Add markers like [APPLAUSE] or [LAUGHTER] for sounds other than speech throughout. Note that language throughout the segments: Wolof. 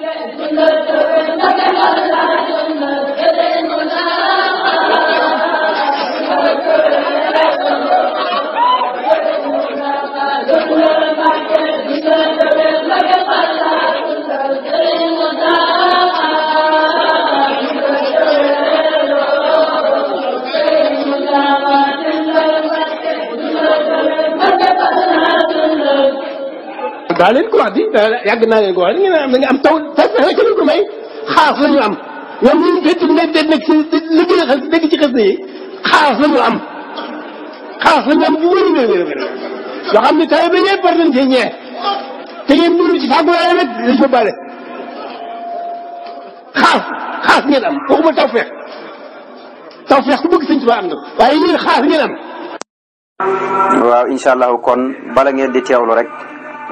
Thank you. daa leen ko wax di yàgg naa leen ko am taw taw fexe ci ko may xaas la ñu am ñoom ñun fekk nekk li gën a xas ci xas na xaas la ñu am xaas la ñu am bu wér wér wér wér yoo xam ne taw bi ñee par nañ cee ñee te ngeen dund ci fàggu waaye nag ko bale xaas xaas ngeen am waxuma taw feex ku bëgg sëñ Tuubaa am na waaye yéen xaas ngeen am waaw incha kon bala ngeen di teewlu rek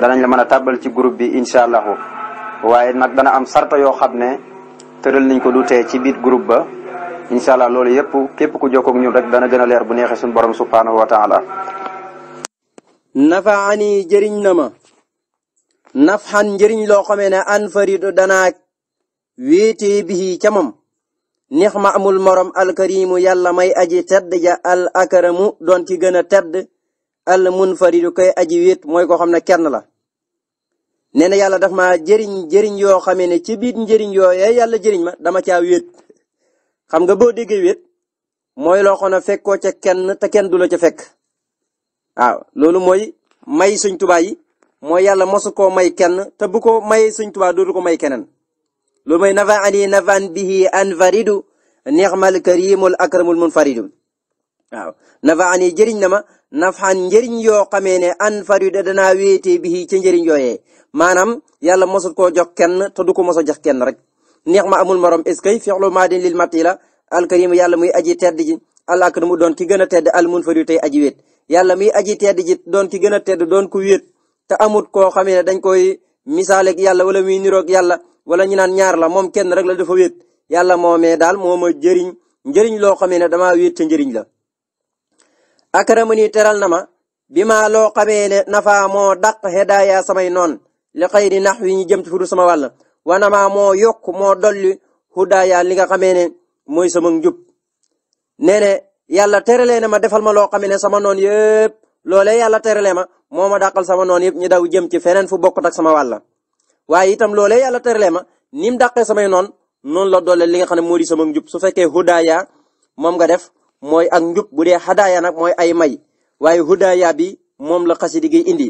danañ la mën a tàbbal ci groupe bi incha allahu waaye nag dana am sarta yoo xam ne tëral nañ ko du tee ci biir groupe ba incha allah loolu yëpp képp ku jokkoog ñun rek dana gën a leer bu neexee suñu borom subhaanahu wa taala nafaani jëriñ na ma nafxan njëriñ loo xamee ne an faridu danaa wéetee bii ca moom neex ma amul morom alkarimu yàlla may aji tedd ja al akaramu doon ki gën a tedd al munfaridu kay aji wéet mooy koo xam ne kenn la nee na yàlla daf ma jëriñ jëriñ yoo xamee ne ci biir njëriñ yooyee yàlla jëriñ ma dama caa wéet xam nga boo déggee wéet mooy loo xam fekkoo ca kenn te kenn du la ca fekk waaw loolu mooy may Sëñ Tuubaa yi mooy yàlla mosu koo may kenn te bu ko may Sëñ Tuubaa dootu ko may keneen loolu mooy nafa ani nafan bihi anfaridu nixmal karimul akramul munfaridu waaw nafa ani jëriñ na ma nafxan njëriñ yoo xamee ne an farida danaa wéetee bii ca njëriñ yooyee maanaam yàlla mosul koo jox kenn te du ko mos a jox kenn rek neex ma amul morom est-ce que fexlu maadin lil matti la alkarim yàlla muy aji tedd ji alakar mu doon ki gën a tedd almun faridu tey aji wéet yàlla muy aji tedd ji doon ki gën a tedd doon ku wéet te amut koo xamee ne dañ koy misaaleeg yàlla wala muy niroog yàlla wala ñu naan ñaar la moom kenn rek la dafa wéet yàlla moomee daal moo ma jëriñ njëriñ loo xamee ne damaa wéet ca njëriñ la akramani teral na ma bi maa loo xamee ne nafa moo dàq hedaaya samay noon li xëy di nax wi ñu jëm ci fudu sama wàll wanama moo yokk moo dolli hudaaya li nga xamee ne mooy sama njub nee ne yàlla teralee na ma defal ma loo xamee ne sama noon yëpp loole yàlla teralee ma moo ma dàqal sama noon yëpp ñu daw jëm ci feneen fu bokkut ak sama wàll waaye itam loolee yàlla teralee ma ni mu dàqee samay noon noonu la doole li nga xam ne moo di sama njub su fekkee hudaaya moom nga def mooy ak njub bu dee xadaaya nag mooy ay may waaye hudaaya bi moom la xasidi gi indi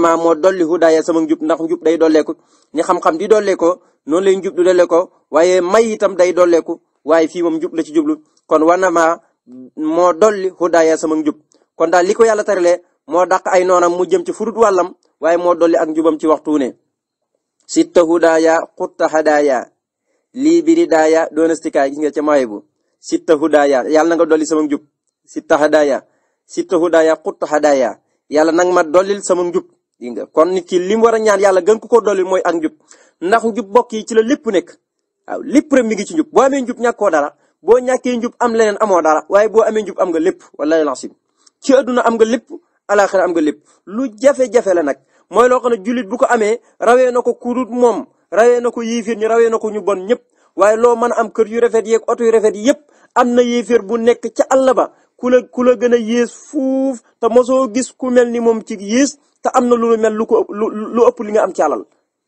ma moo dolli hudaaya sama njub ndax njub day dolleeku ni xam-xam di dolleekoo noonu lay njub du dolleekoo waaye may itam day dolleeku waaye fii moom njub la ci jublu kon ma moo dolli hudaaya sama njub kon daal li ko yàlla taralee moo dàq ay noonam mu jëm ci furut wàllam waaye moo dolli ak njubam ci waxtu ne sitta hudaaya xutta hadaaya lii biri daaya doonastikaay gis nga ca maay bu sitta hudaaya yàlla na nga dolli sama njub sitta hadaaya sitta hudaaya xutta hadaaya yàlla nag ma dollil sama njub nga kon nit ki li mu war a ñaan yàlla gën ko koo dollil mooy ak njub ndax jub bokk yi ci la lépp nekk lép rek mi ngi ci njub boo amee njub ñàkkoo dara boo ñàkkee njub am leneen amoo dara waaye boo amee jub am nga lépp wallaahi lasim ci àdduna am nga lépp alaaxira am nga lépp lu jafe-jafe la nag mooy loo xam ne jullit bu ko amee rawee na ko kudut moom rawee na ko yiifir ñi rawee na ko ñu bon ñëpp waaye loo mën a am kër yu rafet yeeg oto yu rafet yëpp am na yéeféer bu nekk ca àll ba ku la ku la gën a yées fuuf te mosoo gis ku mel ni moom ci yées te am na lu mel lu ko lu ëpp linga am ci alal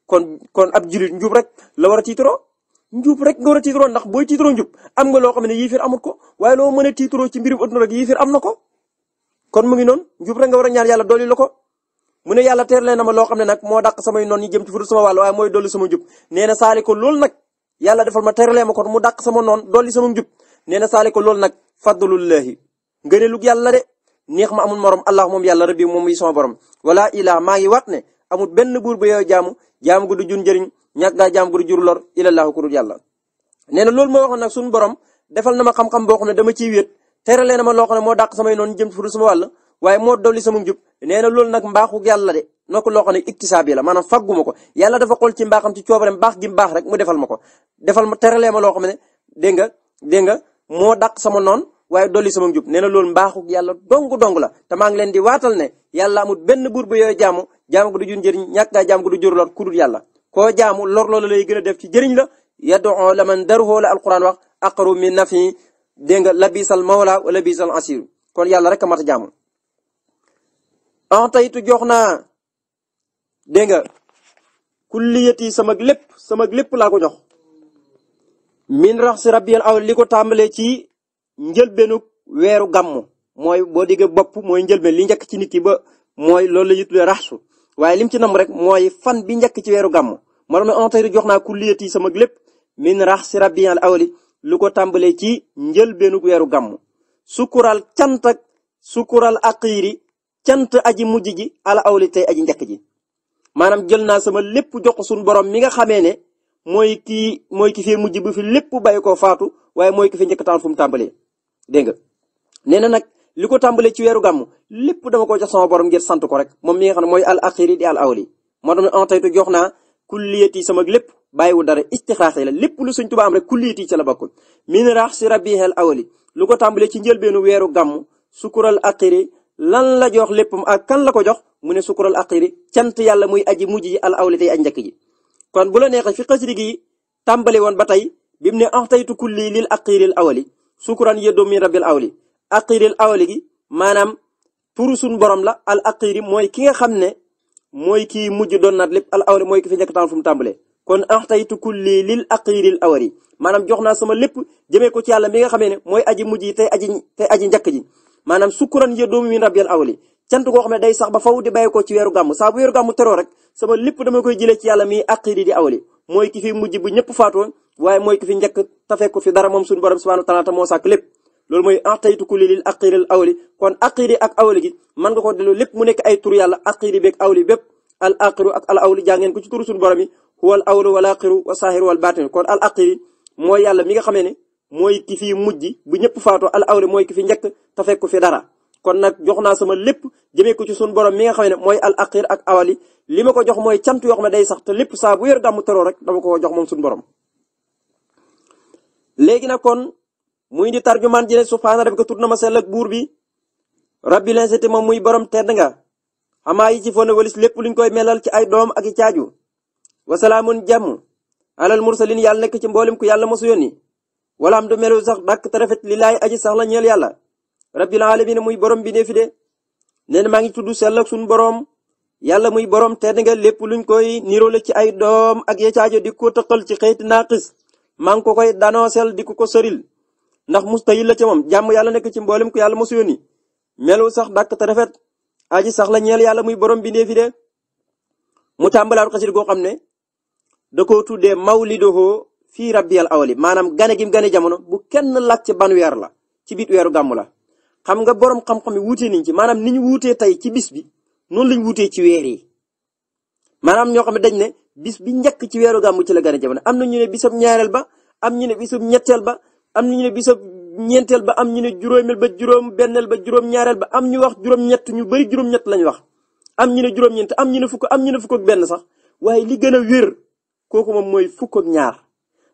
kon kon ab julit njub rek la wara a tiitaroo njub rek nga war a tiitaroo ndax booy tiitaroo am nga loo xam ne yéeféer amul ko waaye loo mën a tiitaroo ci mbirum adduna rek yéeféer am na ko kon mu ngi noonu njub rek nga war a ñaan yàlla dolli la ko mu ne yàlla teer leen na ma loo xam ne nag moo dàq samay noon yi jëm ci fudul sama wàll waaye mooy dolli sama njub nee na ko loolu nag yàlla defal ma teralee ma ko mu dàq sama noon dolli sama njub nee na lool nag loolu nag fadlullahi ngëneelug yàlla de neex ma amul morom allah moom yàlla rabbi moom yi sama borom wala ilaa maa ngi waat ne amul benn buur bu yow jaamu jaamu gu du jur njëriñ ñàkk gaa jaamu gu du jur lor ilallaahu ku dul yàlla nee na loolu wax waxoon nag suñu borom defal na ma xam-xam boo ne dama ciy wéet teralee na ma loo xam ne moo dàq sama noon jëm fu dul sama wàll waaye moo dolli sama njub nee na loolu nag mbaaxu yàlla de nokk loo xam ne iktisaabi la maanaam fagguma ko yàlla dafa xool ci mbaaxam ci coobareem baax gi baax rek mu defal ma ko defal ma teralee ma loo xam ne dégg nga dégg nga moo dàq sama noon waaye dolli sama njub nee na loolu mbaaxu yàlla dong dong la te maa ngi leen di waatal ne yàlla amul benn buur bu yooyu jaamu jaamu ko du jur njëriñ ñàkk ngaa jaamu ko du jur lor ku dul yàlla koo jaamu lor loola lay gën a def ci jëriñ la yadoo la man daruhoo la alquran wax aqaru min nafi dégg nga labisal mawla wa labisal asiru kon yàlla a mat a jaamu en tey tu jox dégg nga kulliyat sama lépp sama lépp laa ko jox min rax si rabbiyal awal li ko tàmbalee ci njëlbeenu weeru gàmmu mooy boo diggee bopp mooy njëlbeen li njëkk ci nit ba mooy loolu la ñuy tuddee raxsu ci nam rek mooy fan bi njëkk ci weeru gàmmu ma doon ontari jox naa kulliyat yi sama lépp min rax si rabbiyal awali lu ko tàmbalee ci njëlbeenu weeru gàmmu sukkural cant ak sukkural aqiiri cant aji mujj ji ala awli tey aji njëkk maanaam jël naa sama lépp jox ko suñu borom mi nga xamee ne mooy kii mooy ki fee mujj bu fi lépp bàyyi koo faatu waaye mooy ki fi njëkk taan fu mu tàmbalee dégg nga nee na nag li ko tàmbalee ci weeru gàmm lépp dama ko jox sama borom ngir sant ko rek moom mi nga xam ne mooy al axiri di al awli moo tax en tey jox naa kulliyati sama lépp bàyyiwu dara istixraas la lépp lu suñ tubaam rek kulliyati ci la bokkul min rax si rabbi al awali lu ko tàmbalee ci njëlbeenu weeru gàmm sukural axiri lan la jox léppam ak kan la ko jox mu ne sukural aqiri cant yàlla muy aji mujj ji al awli tey aj njëkk kon bu la neexee fi xasri gi tàmbali woon ba tey bi mu ne axtaytu kulli lil aqiril awali sukuran yeddo min rabbil awli aqiril awali gi maanaam turu suñ borom la al aqiri mooy ki nga xam ne mooy kii mujj doon naat lépp al awali mooy fi njëkk tàmbali fu mu tàmbalee kon axtaytu kulli lil aqiril awali maanaam jox naa sama lépp jëmee ko ci yàlla mi nga xamee ne mooy aji mujj yi tey aji tey aji njëkk ji maanaam sukuran yeddo min rabbil awli cant goo xam ne day sax ba faw di bàyyi ko ci weeru gàmm saa bu weeru gàmm teroo rek sama lépp dama koy jëlee ci yàlla mi aqidi di awli mooy ki fi mujj bu ñëpp faatoo fi njëkk moom suñu borom subhanahu wa taala ta moo sàkk lépp loolu mooy ataytu mën nga ko delloo lépp mu nekk ay tur yàlla aqidi beeg awli al aqiru ak al awli ko ci turu wal aqiru wa saahiru wal baatin kon al aqidi mooy mi nga xamee ne mooy ki fi mujj bu ñëpp faatoo al awli mooy ki fi njëkk ta fekku fi dara kon nag jox naa sama lépp jëmee ko ci sunu borom mi nga xam ne mooy al aqir ak awali li ma ko jox mooy cant yoo xam ne day sax te lépp saa bu yor gàmmu teroo rek dama ko jox moom sunu borom. léegi nag kon muy di tarjumaan ji ne subhaana rabbika tur na ma sell ak buur bi rabbi linsati moom muy borom tedd nga xamaa yi ci fone walis lépp luñ koy melal ci ay doom ak i caaju. wasalaamun jàmm alal mursalin yàlla nekk ci mboolem ku yàlla mosu yónni wala am du melu sax dàkk te rafet laay aji sax la ñeel yàlla. rabbil alamin muy borom bi ne fi de nee na maa ngi tudd sell ak suñu borom yàlla muy borom te nga lépp luñ koy niroole ci ay doom ak ya caajo di ko tëqal ci xeeti naqis maa ngi ko koy danoosel di ko ko sëril ndax mustahil la ci moom jàmm yàlla nekk ci mboolem ku yàlla mosu yónni melo sax dàkk te rafet aji sax la ñeel yàlla muy borom bi ne fi de mu tàmbalaat xasit goo xam ne da koo tuddee mawliduhu fii rabbiyal awali maanaam gane gim gane jamono bu kenn lak ci ban weer la ci biit weeru gàmm la. xam nga borom xam-xam yi wuute nañ ci maanaam ni ñu wuutee tey ci bis bi noonu lañ wuutee ci weer yi maanaam ñoo xam ne dañ ne bis bi njëkk ci weeru gàmmu ci la gën a jamono am na ñu ne bisab ñaareel ba am ñu ne bisab ñetteel ba am ñu ne bisab ñeenteel ba am ñu ne juróomeel ba juróom benneel ba juróom ba am ñu wax juróom-ñett ñu bëri juróom-ñett lañ wax am ñu ne juróom-ñeent am ñu ne fukk am ñu ne fukk benn sax waaye li gën a wér kooku moom mooy fukk ak ñaar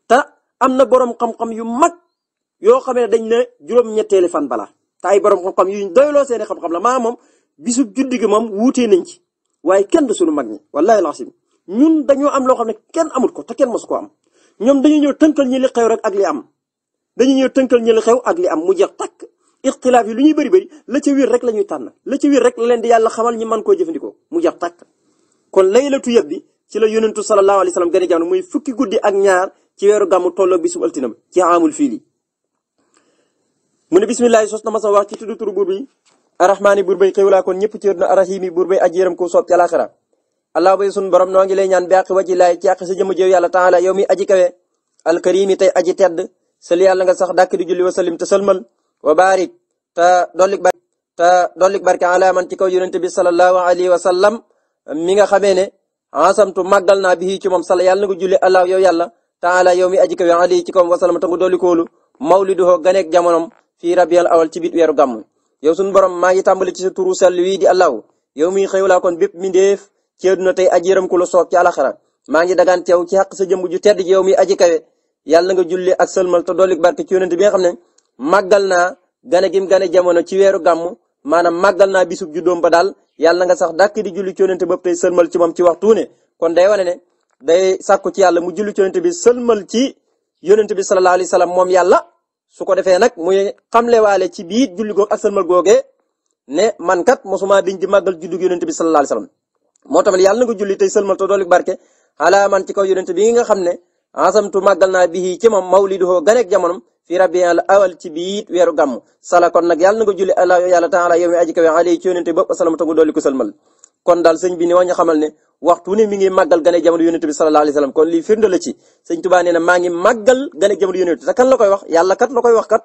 ta am na boroom xam-xam yu mag yoo xam ne dañ ne juróom-ñetteeli fan bala te ay borom xam-xam yu ñu doyloo seeni xam-xam la maa moom bisub juddi gi moom wuutee nañ ci waaye kenn du suñu mag ñi wallahi laxsim ñun dañoo am loo xam ne kenn amul ko te kenn mosu ko am ñoom dañu ñëw tënkal ñi li xew rek ak li am dañu ñëw tënkal ñi li xew ak li am mu jeex takk ixtilaaf yi lu ñuy bëri bëri la ca wiir rek la ñuy tànn la ca wiir rek la leen di yàlla xamal ñi man koo jëfandikoo mu jeex takk kon laylatu yëpp bi ci la yonentu sallallahu alayhi wa sallam gën a jamono muy fukki guddi ak ñaar ci weeru gàmmu tolloog bi sub altinam ci amul fii mu ne bisimilah sos na ma sama wax ci tuddu turu buur bi arrahmaani buur bay xéwlaa ci na arrahimi aji yërëm ko soob ci allah bay sun borom noo ngi lay ñaan bi àq waji laay ci àq sa jëmm jëw yàlla taala yow nga sax dàkk di julli wa salim te sëlmal wa baarik te dollik barke te dollik barke ala man ci kaw yonente bi sallallahu alayhi wa sallam mi nga xamee ne ensamtu màggal naa bi ci moom sala yalla nga julli allah yow yàlla taala yow mi aji kawe alayhi ci kawam wasallam te nga dolli koolu mawliduhu fii rabial awal ci biir weeru gàmm yow sunu borom maa ngi tàmbali ci sa turu allahu yow mi xëyulaa kon bépp mindeef ci àdduna tey aji yërëm ku la soob ci alaxira maa ngi dagaan teew ci xaq sa jëmb ju tedd ji yow mi aji kawe yàlla julli ak sëlmal te dolli barke ci yonent bi xam ne màggal naa gane gim gane jamono ci weeru gàmm maanaam màggal naa bisub juddoom ba daal yàlla nga sax dàkk di julli ci yonent bopp tey sëlmal ci moom ci waxtu ne kon day wane ne day sàkku ci yàlla mu julli ci yonent bi sëlmal ci yonent su ko defee nag muy xamlewaale ci biir julli goog ak sëlmal googee ne man kat mosuma diñ di màggal juddu yonent bi sallallahu alayhi wasallam moo tamit yàlla na ko julli tey sëlmal te doolu barke ala man ci kaw yonent bi nga xam ne asamtu màggal naa bii ci moom mawliduhu ganeeg jamonom fi rabbi al awal ci biit weeru gàmm sala kon nag yàlla na ko julli ala yàlla taala yow mi aji kawe ali ci yonent bopp asalaam tagu dooli ko sëlmal kon daal sëñ bi ni wax ñu xamal ne waxtu ne mi ngi màggal gane jamono yonent bi sallallahu alayhi wasallam kon lii firnde la ci sëñ Tuubaa maa ngi màggal gane jamono yonent te kan la koy wax yàlla kat la koy wax kat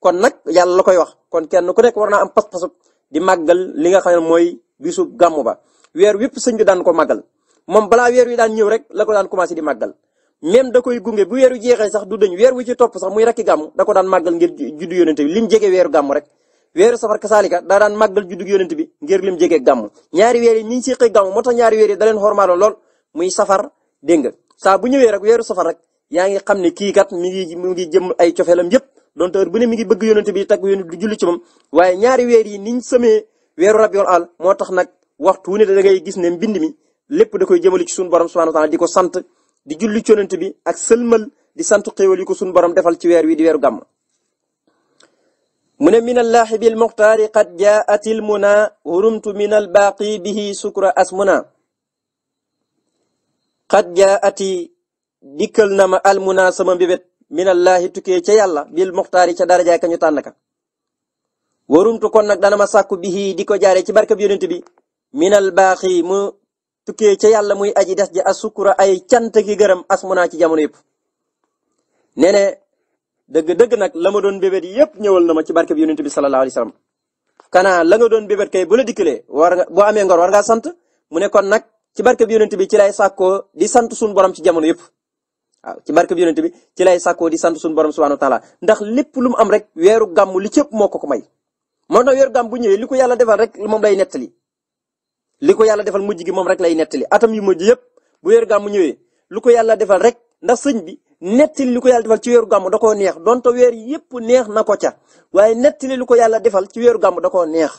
kon nag yàlla la koy wax kon kenn ku nekk war naa am pas-pasu di màggal li nga xam ne mooy bisu gàmmu ba weer wépp sëñ bi daan ko màggal moom bala weer wi daan ñëw rek la ko daan commencé di màggal même da koy gunge bu weeru jeexee sax du dañ weer wi ci topp sax muy rakki gàmmu da ko daan màggal ngir juddu yonent bi lim jege weeru gàmmu rek weeru safar kasaalika daa daan màggal juddug yonent bi ngir lim jege gàmm ñaari weer yi ñu ngi séqee gàmm moo tax ñaari weer yi da leen xormaaloon lool muy safar dégg nga saa bu ñëwee rek weeru safar rek yaa ngi xam ne kii kat mi ngi mi ngi jëm ay cofeelam yëpp donte heure bu ne mi ngi bëgg yonent bi tag yonent du julli ci moom waaye ñaari weer yi niñ sëmee weeru rabiul al moo tax nag waxtu wu ne da ngay gis ne mbind mi lépp da koy jëmale ci suñu borom subhanahu wa di ko sant di julli ci bi ak sëlmal di sant xéewal yi ko suñu borom defal ci weer wi di weeru gàmm mu ne min allaahi bil muxtaari qad jaatil muna hurumtu min al baaqi bihi sukra asmuna qad jaati dikkal na ma al sama mbébét min allaahi tukkee ca yàlla bil muxtaari ca darajaay ka ñu tànn ka warumtu kon nag dana ma sàkku bihi di ko jaare ci barkab yonent bi min al baaqi mu tukkee ca yàlla muy aji des ji asukura ay cant ki gërëm asmuna ci jamono yëpp nee dëgg-dëgg nag la ma doon bébét yépp ñëwal na ma ci barke bi yonent bi sallallahu alayhi wasallam kana la nga doon bébét kay bu la dikkalee war nga boo amee ngor war ngaa sant mu ne kon nag ci barke bi yonent bi ci lay sàkkoo di sant suñu borom ci jamono yëpp waaw ci barke bi yonent bi ci lay sako di sant suñu borom subhanahu wa taala ndax lépp lu mu am rek weeru gàmm li cëpp moo ko ko may moo tax weeru gàmm bu ñëwee li ko yàlla defal rek moom lay nettali li ko yàlla defal mujj gi moom rek lay nettali atam yu mujj yépp bu gàmm ñëwee lu ko yàlla defal rek ndax sëñ bi nettali li ko yàlla defal ci weeru gàmm da koo neex donte weer yëpp neex na ko ca waaye nettali li ko yàlla defal ci weeru gàmm da neex.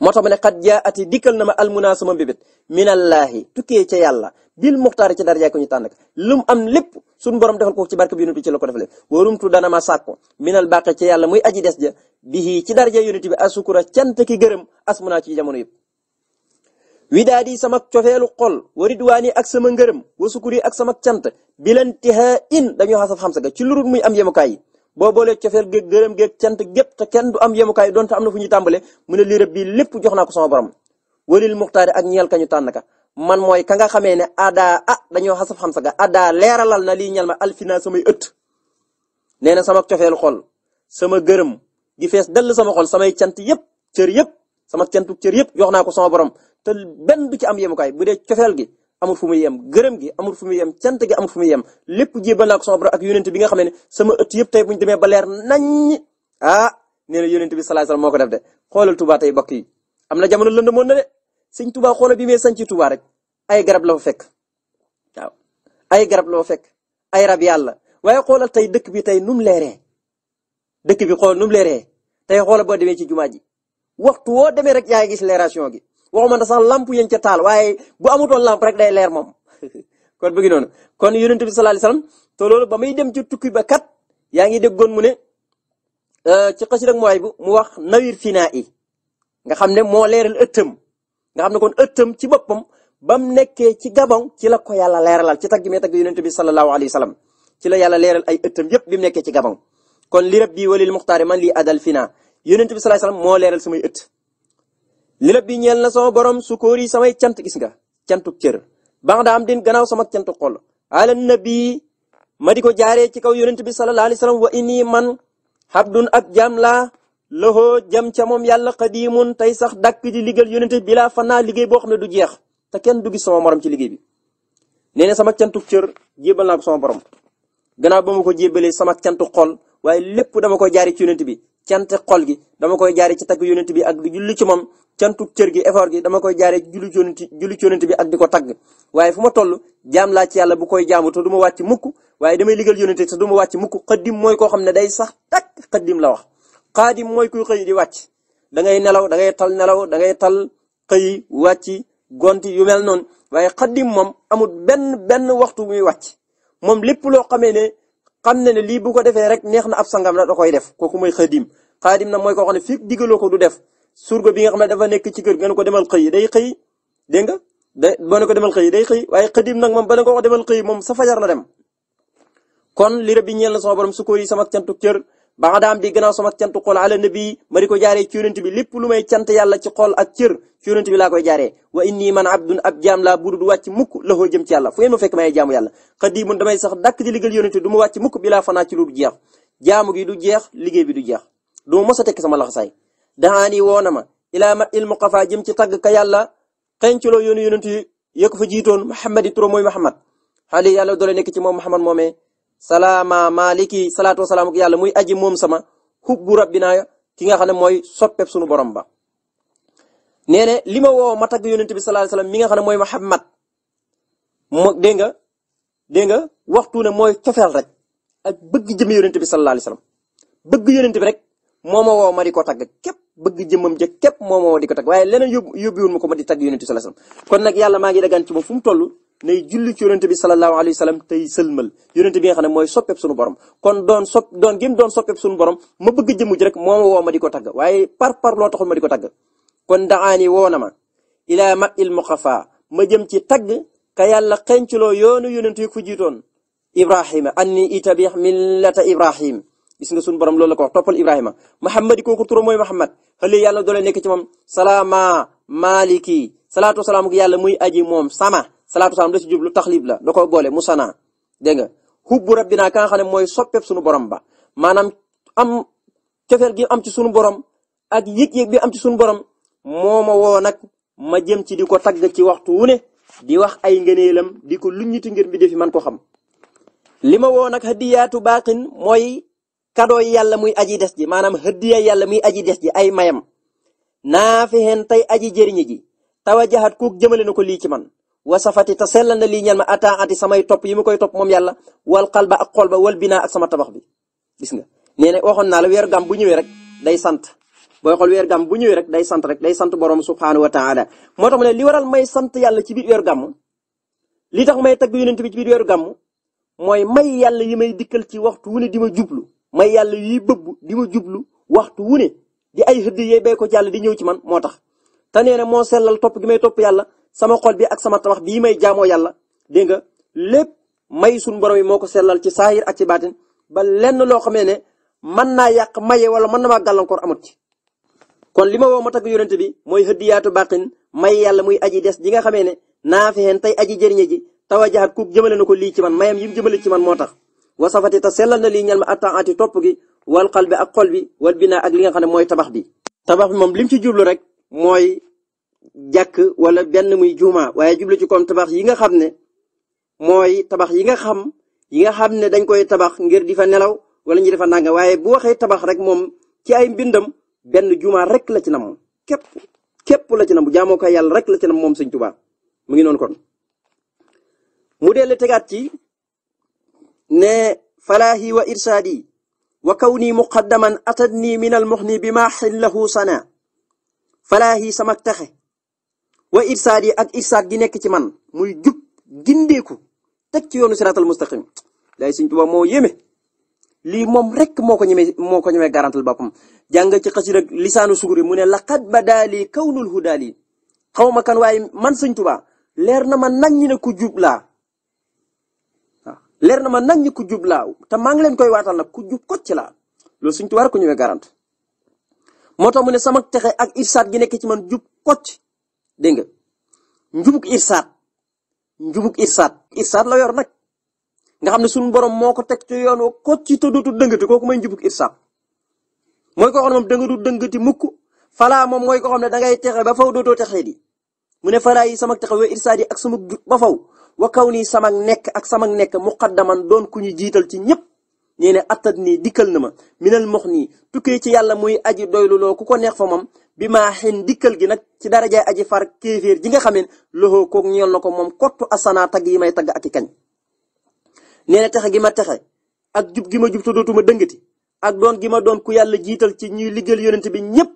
moo tax ma ne xat jaa ati dikkal na ma almunaa sama mbébét minallaahi tukkee ca yàlla bil muxtaar ci dara ko ñu tànn lu mu am lépp suñu borom defal ko ci barke bi yonent bi ci la ko defalee warumtu dana ma sàkko minal bàqe ca yàlla muy aji des ja bihi ci daraja yonent bi asukura cant ki gërëm asmunaa ci jamono yëpp. wi widaadi sama cofeelu xol wa ridwaani ak sama ngërëm wa sukuri ak sama cant bilantihaa in dañoo xasaf xamsa ga ci lurut muy am yemukaay yi boo boolee cofeel géeg ngërëm géeg cant gépp te kenn du am yemukaay donte am na fu ñuy tàmbale mu ne lii bi lépp jox naa ko sama borom walil muxtaari ak ñeel ka ñu ka man mooy ka nga xamee ne ada ah dañoo xasaf xamsa ga ada leeralal na lii ñal ma alfina samay ëtt nee na sama cofeelu xol sama gërëm gi fees dell sama xol samay cant yëpp cër yëpp sama cantu yëpp jox naa ko sama borom te benn du ci am yemukaay bu dee cofeel gi amul fu muy yem gërëm gi amul fu muy yem cant gi am fu muy yem lépp ji naa ko sama borom ak yonent bi nga xam ne sama ëtt yëpp tey bu ñu demee ba leer nañ ah nee na bi salaay salaam moo ko def de xoolal Touba tey bokk yi am na jamono lënd moon na de sëñ Touba xoolal bi mee sañ ci Touba rek ay garab la fa fekk waaw ay garab la fekk ay rab yàlla waaye xoolal tey dëkk bi tey nu mu leeree dëkk bi xool nu mu leeree tey xoolal boo demee ci jumaa ji waxtu woo demee rek yaa ngi gis leeration gi waxuma sax lamp yéen ca taal waaye bu amutoon lamp rek day leer moom [LAUGHS] kon bëgg noonu kon yonent bi sallallahu alayhi wasallam te loolu ba muy dem ci tukki ba kat yaa ngi déggoon mu ne euh, ci xasida ak mooy bu mu wax nawir finaa yi nga xam ne moo leeral ëttam nga xam ne kon ëttam ci boppam bam nekkee ci gabon ci la ko yàlla leeralal ci tagg mee tagg yonent bi sallallahu alayhi wasallam ci la yàlla leeral ay ëttam yëpp bi mu nekkee ci gabon kon li rabbi walil muxtaari man lii adal finaa yonent bi sallallahu moo leeral samay ëtt li la bi ñeel na sama borom sukóor yi samay cant gis nga cantu cër baax daa am din gannaaw sama cantu xol ala nabi ma di ko jaaree ci kaw yonent bi sallallahu alayhi wasallam wa inni man habdun ak jaam la loxoo jëm ca moom yàlla xadiimun tey sax dàkk di liggéeyal yonent bi laa fan naa liggéey boo xam ne du jeex te kenn du gis sama morom ci liggéey bi nee na sama cantu cër jébal naa ko sama borom gannaaw ba ma ko jébalee sama cantu xol waaye lépp dama koy jaaree ci yonent bi cant xol gi dama koy jaaree ci tagg yonent bi ak di ci moom cantuk cër gi effort gi dama koy jaaree julli yonent julli bi ak di ko tagg waaye fu ma toll jaam laa ci yàlla bu koy jaamu te du ma wàcc mukk waaye damay liggéeyal yonent te du ma wàcc mukk xaddim mooy koo ne day sax takk xaddim la wax xaadim mooy kuy xëy di wàcc da ngay nelaw dangay tal nelaw da ngay tal xëy wàcc gonti yu mel noonu waaye xaddim moom amul benn benn waxtu muy wàcc moom lépp loo xamee ne xam na ne lii bu ko defee rek neex na ab sangam la da koy def kooku mooy xaddim xaadim na mooy koo xam ne fii digaloo ko du def surga bi nga xam ne dafa nekk ci kër nga ne ko demal xëy day xëy dégg nga day boo ne ko demal xëy day xëy waaye xadim nag moom ba ne ko demal xëy moom sa fajar la dem. kon li bi ñeel na sama borom sukkoor yi sama cantu cër ba daam di gannaaw sama cantu xool ala nabi ma di ko jaaree ci yonent bi lépp lu may cant yàlla ci xool ak cër ci yonent bi laa koy jaare wa inni man abdun ab jaam laa budud wàcc mukk la hoo jëm ci yàlla fu ngeen ma fekk may jaamu yàlla xadimun damay sax dàkk di liggéeyal yonent du ma wàcc mukk bi laa fanaa liggéey bi du jeex du ma a tekki sama laxasaay daani woona ma ilaa ma il muqafa jëm ci tagg ka yàlla xenculoo yoonu yonent yi fa jiitoon Muhammad yi turam mooy Muhammad xali yàlla doole nekk ci moom Muhammad moomee salaama maliki salaatu wa salaamu yàlla muy aji moom sama hubbu rabbina ki nga xam ne mooy soppeeb sunu borom ba. nee na li ma woo ma tagg yonent bi sallallahu alayhi wasallam mi nga xam ne mooy Muhammad moo dégg nga dégg waxtu ne mooy cofeel rek ak bëgg jëmi yonent bi sallallahu alayhi wasallam bëgg yonent bi rek moo ma woo ma di képp. bëgg jëmmam ja képp moo moo di ko tag waaye leneen yóbbu yóbbiwul ma ko ma di tag yonent bi sallallahu alayhi wasallam kon nag yàlla maa ngi dagaan ci moom fu mu toll nay julli ci yonent bi sallallahu alayhi wasallam tey sëlmal yonent bi nga xam ne mooy soppeeb suñu borom kon doon sop doon doon soppeeb suñu borom ma bëgg jëmm ji rek moo ma woo ma di ko tagg waaye par par loo taxul ma di ko tagg kon daani woo na ma ilaa ma il muqafa ma jëm ci tagg ka yàlla xenculoo yoonu yonent ita ko jiitoon ibrahima anni itabi millata ibrahim gis nga suñu borom loolu la ko wax toppal Ibrahima Muhammad kooku turam mooy Muhammad xëy yàlla doole nekk ci moom salaama maliki salaatu salaam yàlla muy aji moom sama salaatu salaam da ci jublu taxlib la da ko boole musana dégg nga hubbu rabbina ka nga xam ne mooy soppeeb suñu borom ba maanaam am cofeel gi am ci suñu borom ak yëg-yëg am ci suñu borom moo ma woo nag ma jëm ci di ko tagg ci waxtu wu di wax ay ngëneelam di ko luññiti ngir bi defi man ko xam li ma hadiyaatu baaqin mooy kadoo yàlla muy aji des ji maanaam hëddiya yàlla muy aji des ji ay mayam naa fi tey aji jëriñi ji tawa jaxat kuuk jëmale na ko lii ci man wa safati te sellal na lii ñal ma ataati samay topp yi mu koy topp moom yàlla wal xal ba ak xol ba wal binaa ak sama tabax bi gis nga nee na waxoon naa la weeru gàmm bu ñëwee rek day sant booy xool weeru gàmm bu ñëwee rek day sant rek day sant borom subhaanahu wa taala moo tax mu ne li waral may sant yàlla ci biir weeru gàmm li tax may tagg yonent bi ci biir weeru gàmm mooy may yàlla yi may dikkal ci waxtu wu ne di ma jublu may yàlla yuy bëbb di ma jublu waxtu wu ne di ay xëdd yee bay ko jàll di ñëw ci man moo tax te nee moo sellal topp gi may topp yàlla sama xol bi ak sama tabax bii may jaamoo yàlla dégg nga lépp may sun borom yi moo ko sellal ci saahir ak ci baatin ba lenn loo xamee ne mën naa yàq maye wala mën na maa gàllankoor amut ci kon li ma woo ma tagg yonent bi mooy yaatu bàqin may yàlla muy aji des ji nga xamee ne naa fexeen tey aji jëriñe ji tawa jaxat ku jëmale na ko lii ci man mayam yim jëmale ci man moo tax wasafati te sellal na lii ñal ma attaati topp gi wal xal bi ak xol bi wal binaa ak li nga xam ne mooy tabax bi. tabax bi moom lim ci jublu rek mooy jàkk wala benn muy juuma waaye jublu ci comme tabax yi nga xam ne mooy tabax yi nga xam yi nga xam ne dañ koy tabax ngir di fa nelaw wala ñu di fa nanga waaye bu waxee tabax rek moom ci ay mbindam benn juuma rek la ci nam képp képp la ci nam bu jaamoo ko yàlla rek la ci nam moom Sëñ Tuubaa mu ngi noonu kon tegaat ci. ne falaahi wa irsaadi wa kawni muqaddaman atadni min almuxni bi ma xillahu sana falaahi sama texe wa irsaadi ak irsaad gi nekk ci man muy jub gindeeku teg ci yoonu siraatal mustaqim lay Sëñ Tuubaa moo yéeme lii moom rek moo ko ñemee moo ko ñemee garantal boppam jàng ci xasida rek lisaanu suguri mu ne laqad badaali kawnul hudaali xaw ma kan waaye man Sëñ leer na man nañ ne ku jub laa leer na ma nañ ñi ku jub laa te maa ngi leen koy waatal nag ku jub ko ci laa loolu suñ tubaar ku ñëwee garante moo tax mu ne sama texe ak irsaat gi nekk ci man jub kocc dégg nga njubug irsaat njubug irsaat irsaat la yor nag nga xam ne suñu borom moo ko teg ci yoon wa kocc te dootul dëngati kooku may njubug irsaat mooy koo xam ne moom mukk falaa moom mooy koo xam ne dangay texe ba faw dootoo texe di mu ne falaa yi sama texe wa irsaat yi ak sama jub ba faw wa kaw nii sama nekk ak sama nekk muqaddaman doon ku ñu jiital ci ñëpp nee ne attat nii dikkal na ma minal mox nii tukkee ci yàlla muy aji doyluloo ku ko neex fa moom bi ma xin dikkal gi nag ci darajaay aji far kéeféer ji nga xameen loxo koog ñeel na ko moom kottu asana tagg yi may tagg ak i kañ nee na texe gi ma texe ak jub gi ma jub te dootuma dëngati ak doon gi ma doon ku yàlla jiital ci ñuy liggéeyal yonent bi ñëpp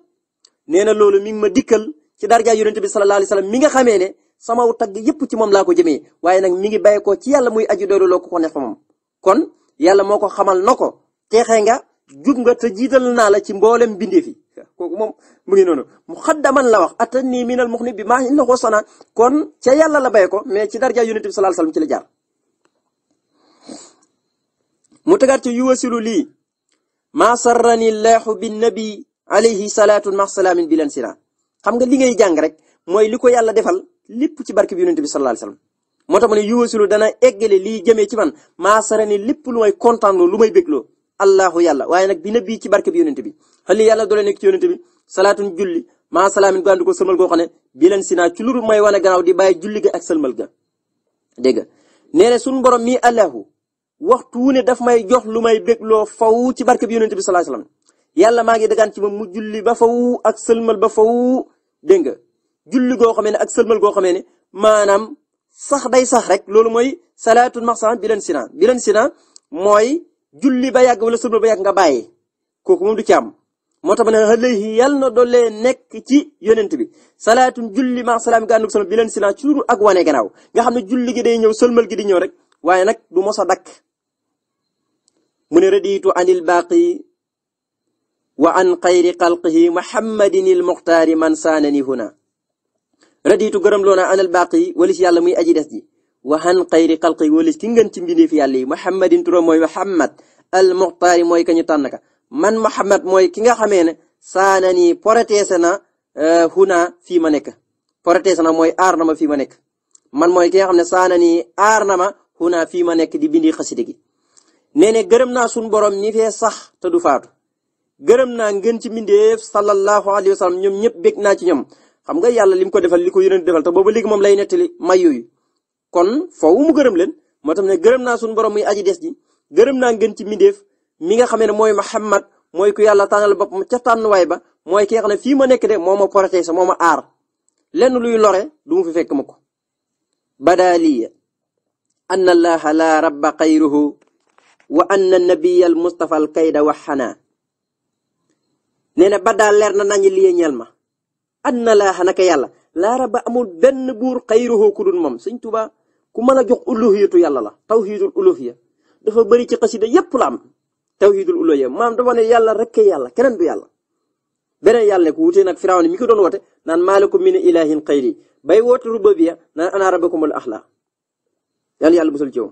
nee na loolu mi ngi ma dikkal ci darajaay yonent bi sallallahu alayhi wasallam mi nga xamee sama tagg yëpp ci moom laa ko jëmee waaye nag mi ngi bàyyi ci yàlla muy aji doylu loo ko ko neex moom kon yàlla moo ko xamal na ko teexee nga jub nga te jiital naa la ci mboole bindee fi kooku moom mu ngi noonu mu xaddaman la wax ata nii minal mux ni bi maa in la ko sana kon ca yàlla la bay ko mais ci darja yonent bi sallallahu alayhi wasallam ci la jaar mu tegaat ci yuwasilu lii maa sarrani laaxu bi nabi alayhi salaatu ma salaamin bi leen sira xam nga li ngay rek mooy li ko yàlla defal lépp ci barke bi yonent bi sallallahu alayhi wa sallam moo tax ma ne yuwasilu dana eggale lii jëmee ci man maa sara ni lépp lu may kontaanloo lu may bégloo allahu yàlla waaye nag bi nabi ci barke bi yonent bi xali yàlla doole nekk ci yonent bi salaatun julli maa salaamin gàndu ko sëlmal goo xam ne bi leen si naa ci lu may wane gannaaw di bàyyi julli ga ak sëlmal ga dégg nga nee na suñu borom mii allahu waxtu wu ne daf may jox lu may bégloo faw ci barke bi yonent bi sallallahu alayhi wa sallam yàlla maa ngi dagaan ci moom mu julli ba faw ak sëlmal ba faw dégg nga julli goo xamee ne ak sëlmal goo xamee ne maanaam sax day sax rek loolu mooy salaatul maxsaan bi leen sina bi leen sina mooy julli ba yàgg wala sëlmal ba yàgg nga bàyyi kooku moom du ci am moo tax ma ne alayhi yàlla na doole nekk ci yonent bi salaatun julli ma salaam ga àndug sëlmal bi leen sina ci ak wane gannaaw nga xam ne julli gi day ñëw sëlmal gi di ñëw rek waaye nag du mos a dakk mu ne radiitu anil baaqi wa an xayri xalqihi muhammadin il man saanani huna radiitu gërëm loo naa anal baaqi walis yàlla muy aji des ji waxan xayri xalqi walis ki ngeen ci mbindeef yàlla yi muhammadin turam mooy muhammad al muxtaari mooy ka ñu tànn ka man muhammad mooy ki nga xamee ne saana nii protése na euh, huna fii ma nekk protése na mooy aar na ma fii ma nekk man mooy ki nga xam ne saana nii aar na ma huna fii ma nekk di bindi xasida gi nee ne gërëm naa suñu borom ñi fee sax te du faatu gërëm naa ngeen ci mbindeef sallallahu alayhi wa sallam ñoom ñëpp bég naa ci ñoom xam nga yàlla lim ko defal li ko yonent defal te booba léegi moom lay nettali may yooyu kon foofu mu gërëm leen moo tax ne gërëm naa suñu borom muy aji des ji gërëm naa ngeen ci mindeef mi nga xame ne mooy Muhammad mooy ku yàlla tànnal boppam ca tànnuwaay ba mooy ki na xam fii ma nekk de moo ma protéger moo ma aar lenn luy lore du mu fi fekk ma ko badaaliya anna allaha la rabba xayruhu wa anna nabiya al mustafa al kayda waxana nee na ba daal leer na nañu liye ñeel ma anna laaha naka yàlla laa rabba amul benn buur xayruhu ku dul moom sëñ tuba ku mën a jox uluhiyatu yàlla la tawhidul uluhiya dafa bari ci xasida yépp la am tawhidul uluhiya maam dafa ne yàlla rek yàlla keneen du yàlla beneen yàlla ku wutee nag firawna mi ko doon woote naan maalakum min ilahin xayri bay woote rububiyya naan ana rabbakumul axla yàlla yàlla musal ci yow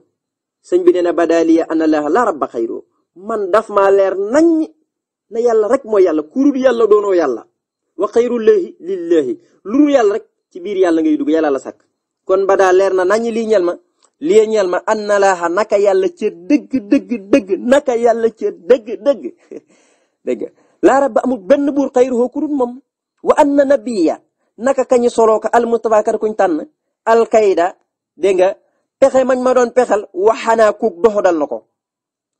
sëñ bi nee na badaliya ana laaha laa rabba xayru man daf maa leer nañ na yàlla rek mooy yàlla ku yàlla doonoo yàlla wa xayrullahi lillahi lu yàlla rek ci biir yàlla ngay dugg yàlla la sak kon ba leer na nañu lii ñel ma lii ñel ma an la laaxa naka yàlla ca dëgg dëgg dëgg naka yàlla ca dëgg dëgg [LAUGHS] dëgg laa amul benn buur xayruhu ku dul wa an na nabiya naka kañu soloo ko al mustafa kar kuñ tànn alkayda dégg nga pexe mañ ma doon pexel waxanaa kuug doxodal na ko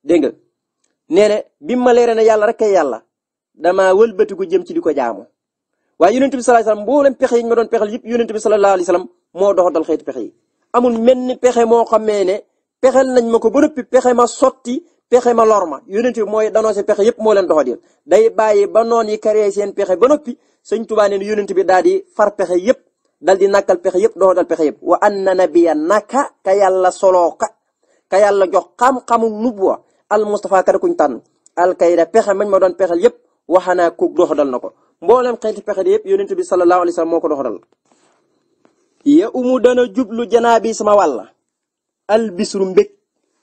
dégg nga bi ma leere na yàlla rek kay yàlla dama wëlbatiku jëm ci di ko jaamu waaye yonent bi sallallahu alayhi wasallam mboolem pexe yi ñu ma doon pexel yëpp yonent bi sallallahu alayhi wasallam moo doxatal xeetu pexe yi amul menn pexe moo xamee ne pexel nañ ma ko ba noppi pexe ma sotti pexe ma lor ma yonent bi mooy danoo si pexe yëpp moo leen doxal day bàyyi ba noon yi créé seen pexe ba noppi sëñ Tuubaa neen yonent bi daal di far pexe yëpp dal di nakkal pexe yëpp doxatal pexe yëpp wa anna nabiya naka ka yàlla soloo ka ka yàlla jox xam-xamu nubuwa al Mustafa kada kuñ tànn al kayda pexe mañ ma doon pexel yëpp waxanaa ku doxadal na ko mboolem xeeti pexe yëpp yonent bi sallallahu alayhi wa sallam moo ko doxalal. ya umu dana jublu janaabi sama wàll. al bisru mbég.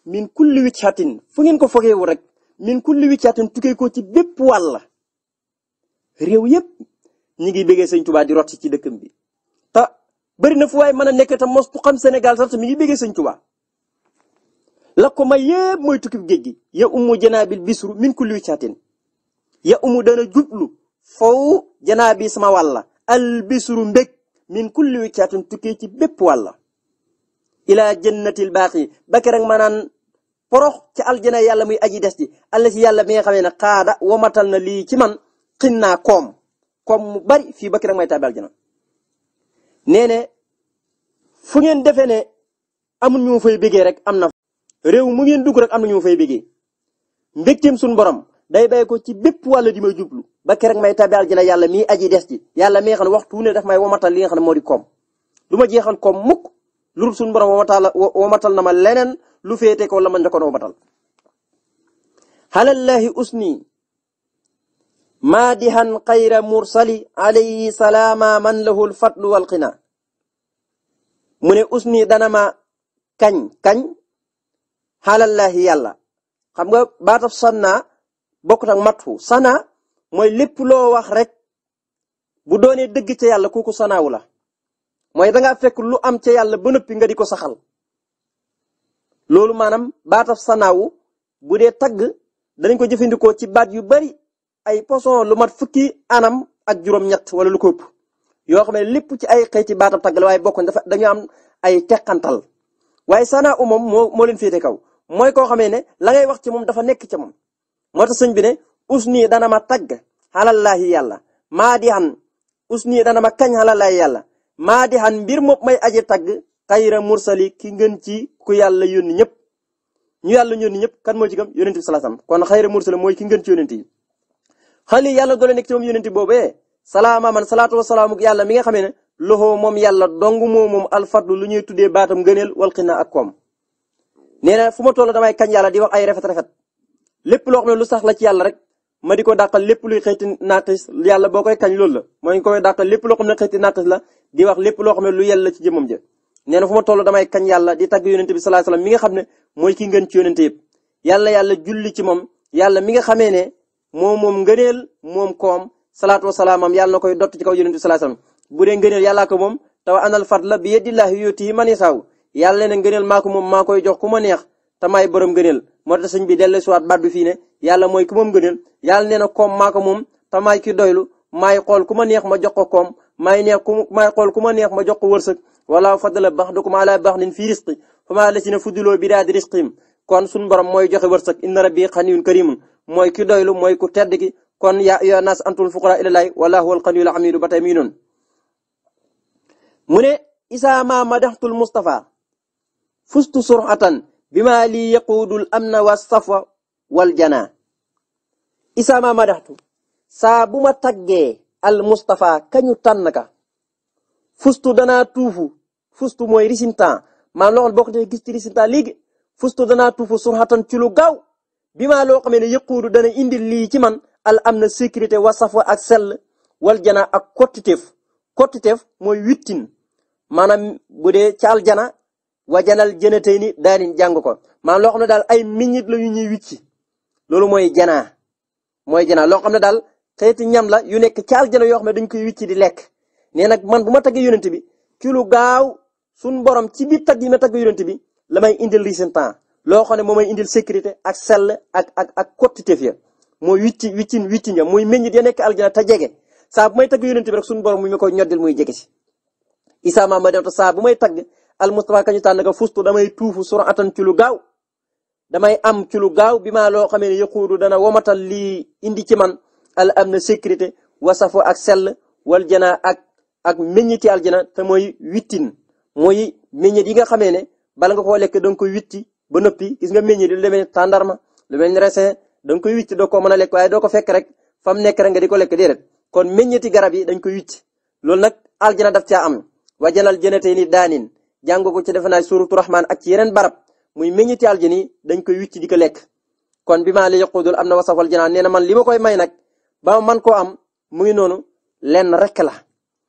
min kulli wiccatin fu ngeen ko fogeewul rek. min kulli wiccatin tukkee ko ci bépp wàll. réew yëpp ñi ngi bëggee sëñ Tuubaa di rot ci dëkkam bi. ta bari na fu waay mën a nekk te mos ku xam senegal sax mi ngi bëggee sëñ Tuubaa. la ko may yëpp mooy tukki géej gi. ya umu janaabil bisru min kulli wiccatin ya umu dana jublu. faw janaa bi sama wàlla albisru mbég min kulli wiccaatin tukkee ci bépp wàlla ilaa jannatil baaqi ba ke rek maanaan porox ci aljana yàlla muy aji des ji alla ci yàlla mi nga xamee ne xaada wamatal na lii ci man xin naa koom koom mu bari fii ba ke rek may tàbbi aljana nee ne fu ngeen defee ne amul ñu rek am na réew mu ngeen dugg rek am na ñu fay bégee mbégteem borom day bay ko ci bépp wàll di may jublu ba kerek may tabi aljana yàlla mii aji des ji yàlla mi nga waxtu ne daf may womatal li nga xam ne moo di koom du ma jeexal koom mukk lu suñu borom womatal womatal na ma leneen lu féete ko la ma njëkkoon womatal halallahi usni maadihan xayra mursali alayhi salaama man lahul fadlu wal xina mu ne usni dana ma kañ kañ xalallahi yàlla xam ba baatab sanna bokk bokkut mat matfu sana mooy lépp loo wax rek bu doonee dëgg ca yàlla kooku sanaawu la mooy dangaa fekk lu am ca yàlla ba noppi nga di ko saxal loolu maanaam baataf sanaawu bu dee tagg danañ ko jëfandikoo ci baat yu bari ay poson lu mat fukki anam ak juróom-ñett wala lu ko yoo xam ne lépp ci ay xeeti baatab tagg la waaye bokk dafa dañoo am ay teqantal waaye sanaawu moom moo moo leen féete kaw mooy koo xamee ne la ngay wax ci moom dafa nekk ca moom. moo tax sëñ bi ne usni dana ma tagg xalallaahi yàlla maa di xan usni dana ma kañ xalallaahi yàlla maa di xan mbir moom may aji tagg xayra mursali ki ngën ci ku yàlla yónni ñëpp ñu yàlla yónni ñëpp kan moo ci gëm yónent bi salaasam kon xayra mursali mooy ki ngën ci yónent yi xali yàlla doole nekk ci moom yónent boobee salaama man salaatu wasalaamu yàlla mi nga xamee ne loxo moom yàlla dong moo moom alfadlu lu ñuy tuddee baatam gëneel wal xina ak koom nee fu ma toll damay kañ di wax ay rafet rafet lépp loo xam ne lu sax la ci yàlla rek ma di ko dàqal lépp luy xeeti naqis yàlla boo koy kañ loolu la mooy koy dàqal lépp loo xam ne xeeti naqis la di wax lépp loo xam ne lu yàlla la ci jëmam ja nee na fu ma toll damay kañ yàlla di tagg yonente bi sallallahu alayhi wasallam mi nga xam ne mooy ki ngën ci yonente yëpp yàlla yàlla julli ci moom yàlla mi nga xamee ne moom moom ngëneel moom koom salaatu wasalaamam yàlla na koy dott ci kaw yonente bi sallallahu alayhi wasallam bu dee ngëneel yàllaa ko moom taw anal la bi yadillahi yuti man yasaw yàlla ne ngëneel maako moom maa koy jox ku ma neex tamaay borom gëneel moo tax sëñ bi dellu si waat baat bi fii ne yàlla mooy ku moom gëneel yàlla nee na koom maa ko moom tamaay ki doylu maay xool ku ma neex ma jox ko koom maay neex ku maay xool ku ma neex ma jox ko wërsëg wala fadala baxdukum ala baxdin fii risqi famaa lasina fuddiloo bi daadi risqihim kon suñu borom mooy joxe wërsëg inna rabbi xaniyun karimun mooy ki doylu mooy ku tedd ki kon ya ayyuhan naas antumul fuqaraa ilallaahi wallaahu huwal ganiyyul hamiidu ba tey mi noonu mu ne isaa ma madaxtul mustafa fustu suratan bima lii am na wa safo wal janaa isaama madaxtu saa bu ma taggee al mustafa kañu tànn ka fustu danaa tuufu fustu mooy risintan maam loxol boo ko defee gis ci risintan léegi fustu danaa tuufu surxatan ci lu gaaw bi maa loo xamee ne yaquudu dana indi lii ci man al am na sécurité wa safa ak sell wal janaa ak kottiteef kottiteef mooy wittin maanaam bu dee wajanal jënatey ni daanin jàng ko maanaam loo xam ne daal ay miñit la yu ñuy wicci loolu mooy janaa mooy janaa loo xam ne daal xeeti ñam la yu nekk ci aljana yoo xam ne dañ koy wicci di lekk nee nag man bu ma taggee yonent bi ci gaaw suñ borom ci biir tagg yi ma tagg yonent bi la may indil résultat loo xam ne moo may indil sécurité ak sell ak ak ak kottitéef ya mooy wicci wiccin wiccin ya muy meññit ya nekk aljana te jege saa bu may tagg yonent bi rek suñu borom mu ma koy ñoddil muy jege si isaa ma ma dem te saa bu tagg al Mustafa kañu tànn ka fustu damay tuufu suratan ci lu gaaw damay am ci gaaw bi maa loo xamee ne yaquudu dana womatal lii indi ci man al am na sécurité safo ak sell wal jana ak ak meññiti aljana te mooy wittin mooy meññit yi nga xamee ne bala nga koo lekk da nga koy witti ba noppi gis nga meññit lu demee tàndarma lu mel ni raisin da nga koy witti doo ko mën a lekk waaye doo ko fekk rek fa mu nekk rek nga di ko lekk rek kon meññiti garab yi dañ koy witti loolu nag aljana daf caa am wajanal jënatee ni daanin jàng ko ci defe naa suuratu rahmaan ak yeneen barab muy meññiti aljani dañ koy wicc di ko lekk. kon bi maa la yaqudul am na wasafal janaan nee na man li ma koy may nag ba man ko am muy ngi noonu lenn rek la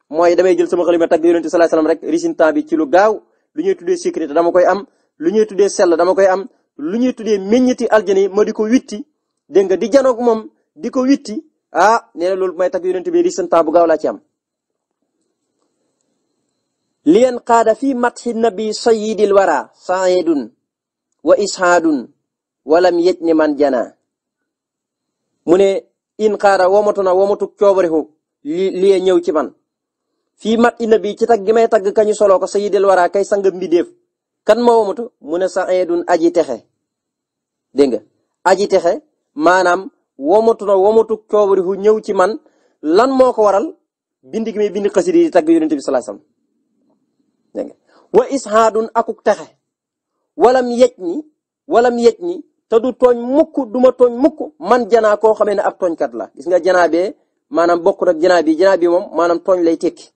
mooy damay jël sama xalima tagg yonent sallallahu alayhi wasallam rek résultat bi ci lu gaaw lu ñuy tuddee sécurité dama koy am lu ñuy tuddee sell dama koy am lu ñuy tuddee meññiti aljani ma di ko witti dégg nga di janoog moom di ko witti ah nee na loolu may tagg yonent bi résultat bu gaaw laa ci am. liyan qaada fi matxi nabi sayidil wara saidun wa ishaadun walam yej ni man jana mu ne in qaada womatu na womatu coobarehu li liye ñëw ci man fii mat ina bi ci tag gi may tagg kañu soloo ko sayidil wara kay sanga mbindeef kan ma womatu mu ne saidun aji texe dégg nga aji texe maanaam womatu na womatu coobarehu ñëw ci man lan moo ko waral bind gi may bind xasida yi di tagg yonente bi wa ishaadun akuk texe walam yej ni walam yej ni te du tooñ mukk du ma tooñ mukk man janaa koo xamee ne ab tooñkat la gis nga janaa bee maanaam bokk ak janaa bi janaa bi moom maanaam tooñ lay tekki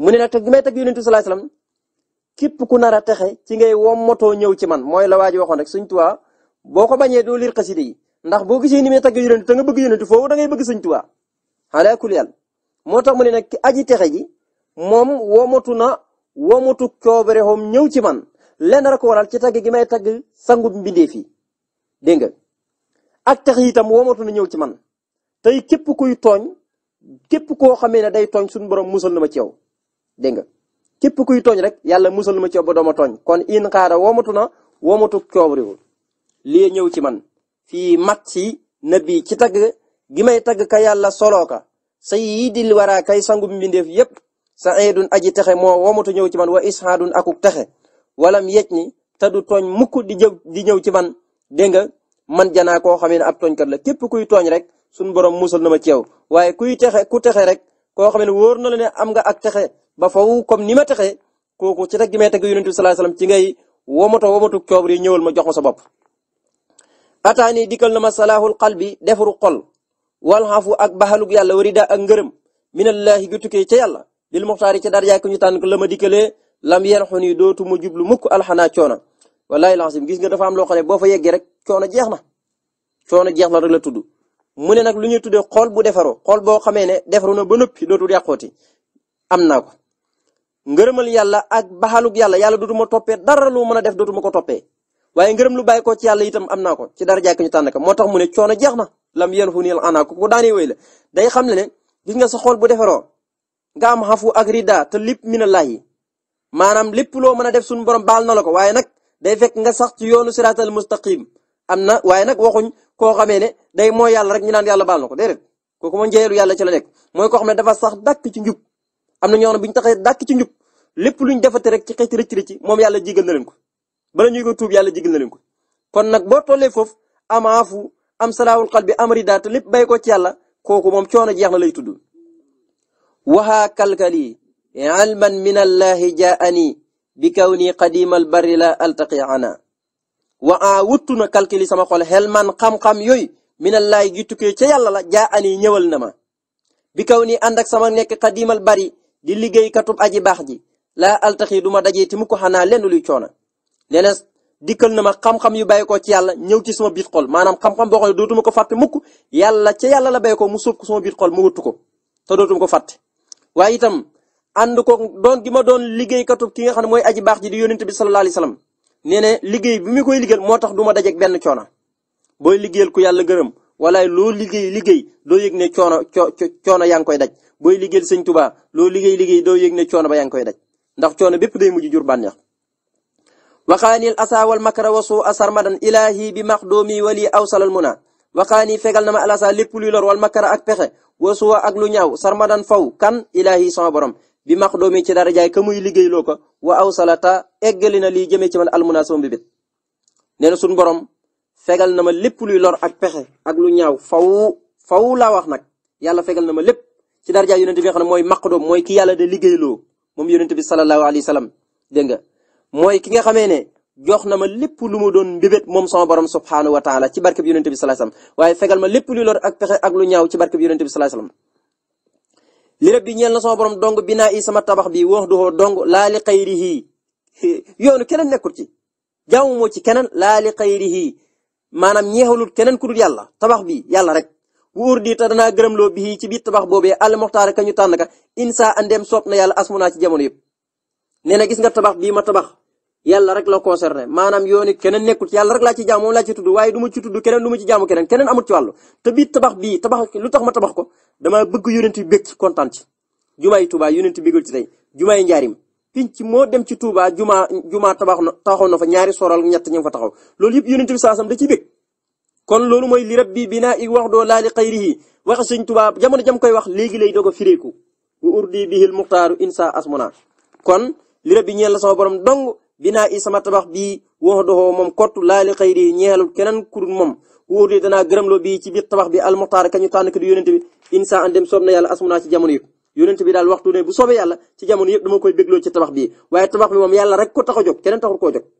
mu ne nag te gi may teg yonentu sallallahu alayhi wasallam képp ku nar a texe ci ngay wom motoo ñëw ci man mooy la waaj ji waxoon rek Sëñ Tuubaa boo ko bañee doo liir xaside yi ndax boo gisee ni muy tagg yonentu te nga bëgg yonentu foofu da ngay bëgg Sëñ Tuubaa alaa kulli yàlla moo tax mu ne nag ki aji texe womutu coobare xoom ñëw ci man lenn rek waral ci tagg gi may tagg sangub mbindeef yi dégg nga ak tax itam womatu na ñëw ci man tey képp kuy tooñ képp koo xamee ne day tooñ suñu borom musal na ma ci yow nga képp kuy tooñ rek yàlla musal na ma ci yow ba dooma tooñ kon in xaara womatu na womatu coobare li ñëw ci man fii mat si bi ci tagg gi may tagg ka yàlla soloka ka sayyidil wara kay sangub mbindeef yëpp sa saidun aji texe moo womatu ñëw ci man wa ishaadun akuk texe walam yej ni te du tooñ mukk di jëw di ñëw ci man dégg nga man janaa koo xamee ne ab tooñkat la képp kuy tooñ rek suñu borom musal na ma ceew waaye kuy texe ku texe rek koo xam ne wóor na la ne am nga ak texe ba faw comme ni ma texe kooku ci teg gi may teg yonent bi sallallahu alayhi wasallam ci ngay womato womatu coobar yi ñëwal ma jox sa bopp ataani na ma salahul qalbi defaru xol wal ak baxalug yàlla warida ak ngërëm minallahi gu tukkee ca yàlla lil muxtaar yi ci darja ku ñu tànn ko la ma dikkalee lam yen xun yi dootu ma jublu mukk alxanaa coono wallaay laxasim gis nga dafa am loo xam ne boo fa yeggee rek coono jeex na coono jeex la rek la tudd mu ne nag lu ñuy tuddee xool bu defaroo xool boo xamee ne defaru na ba noppi dootul yàqooti am naa ko ngërëmal yàlla ak baxalug yàlla yàlla dootuma toppee dara lu mën dootuma ko toppee waaye ngërëm lu bàyyi ci yàlla itam am naa ko ci dara jàkk ñu tànn moo tax mu ne coono jeex na lam yeen xun yi ana ko ku daanee la day xam ne gis nga sa xool bu defaroo nga am xafu ak rida te lépp mina layi maanaam lépp loo mën a def suñu borom baal na la ko waaye nag day fekk nga sax ci yoonu siraatal mustaqim am na waaye nag waxuñ koo xamee ne day mooy yàlla rek ñu naan yàlla baal na ko déedéet kooku moom njeelu yàlla ci la nekk mooy koo xam ne dafa sax dàkk ci njuk am na ñoo xam ne bu ñu taxee dàkk ci njub lépp luñ defate rek ci xeeti rëcc rëcc moom yàlla jigal na leen ko bala ñuy ko tuub yàlla jigal na leen ko kon nag boo tollee foofu am aafu am salaawul xal bi am ridaa lépp bay ko ci yàlla kooku moom coono jeex na lay tudd waxaa kalkali ilman min allahi jaani bi kawni qadim al barri la altaqi ana wa a na kalkali sama xol xel man xam-xam yooyu min allahi gi tukkee ca yàlla la jaani ñëwal na ma bi kaw nii ànd ak sama nekk qadim al bari di liggéey katub aji baax ji laa altaqi duma dajee ti mu ko xanaa lenn luy coona leneen dikkal na ma xam-xam yu bàyyi ko ci yàlla ñëw ci sama biir xol maanaam xam-xam boo xam ne dootuma ko fàtte mukk yàlla ca yàlla la bàyyi ko mu sóob ko sama biir xol mu wëttu ko te ko fàtte waaye itam ànd koog doon gi ma doon liggéeykatu ki nga xam ne mooy aji baax ji di yónent bi sallallahu alayhi wasallam nee na liggéey bi mi koy liggéeyal moo tax duma ma dajeeg benn coono booy liggéeyal ku yàlla gërëm walaay loo liggéey liggéey doo yëg ne coono co coono yaa ngi koy daj booy liggéeyal sëñ Tuubaa loo liggéey liggéey doo yëg ne coono ba yaa ngi koy daj ndax coono bépp day mujj jur bànneex waxaanil asa wal makra wasu asarmadan ilahi bi maxdoomi wali awsalal muna waxaani fegal na ma alasa lépp luy lor wal makara ak pexe wasuwa ak lu ñaaw sarmadan faw kan ilaahi sama borom bi max doomi ci dara jaay ka muy liggéeyloo ko wa aw salata eggali na lii jëmee ci man almunaa sama mbibit nee na suñu borom fegal na ma lépp luy lor ak pexe ak lu ñaaw faw faw laa wax nag yàlla fegal na ma lépp ci dara jaay yonent bi nga xam ne mooy max doom mooy ki yàlla de liggéeyloo moom yonent bi sallallahu alayhi wa sallam dégg ki nga xamee ne jox na ma lépp lu ma doon mbébét moom sama borom subhaanahu wa taala ci barke bi yonente bi sallallahu alayhi wasallam waaye fegal ma lépp lu lor ak pexe ak lu ñaaw ci barke bi yonente bi sallallahu alayhi wasallam li rab bi ñeel na sama borom dong binaa i sama tabax bi wax duhoo dong laa li xayrihi [LAUGHS] yoonu keneen nekkul ci jaamu moo ci keneen laa li xayrihi maanaam ñeexalul keneen ku dul yàlla tabax bi yàlla rek wuur di te danaa gërëm loo bii ci biir tabax boobee al muxtaar ka ñu tànn ka insa andeem soob na yàlla asmu naa ci jamono yëpp nee na gis ma tabax yalla rek la concerné maanaam yooni keneen nekkul ci rek laa ci jaam moom laa ci tudd waaye du ma ci tudd keneen du ma ci jaamu keneen keneen amul ci wàllu te bii tabax bii tabax lu tax ma tabax ko dama bëgg yonent bi bëgg ci kontaan ci jumaay Tuubaa yonent bi bëggul ci tey jumaay moo dem ci Tuubaa jumaa jumaa tabax na taxaw na fa ñaari soral ñett ñu fa taxaw loolu yëpp yonent bi saasam da ciy bëgg kon loolu mooy li bi binaa i wax doo laali xayrihi waxe sëñ Tuubaa jamono jam koy wax léegi lay doog a fireeku wa urdi bihil muxtaaru insa asmuna kon li rabbi ñeel binaa i sama tabax bi wax doxo moom kott laali xayri ñeelul keneen kurut moom wóote danaa gërëmloo bii ci biir tabax bi almuxtaar kañu tànn ko di yonente bi insa an dem soob na yàlla ci jamono yëpp yonente bi daal waxtu ne bu soobee yàlla ci jamono yëpp dama koy bégloo ci tabax bi waaye tabax bi moom yàlla rek ko tax a jóg keneen taxul koo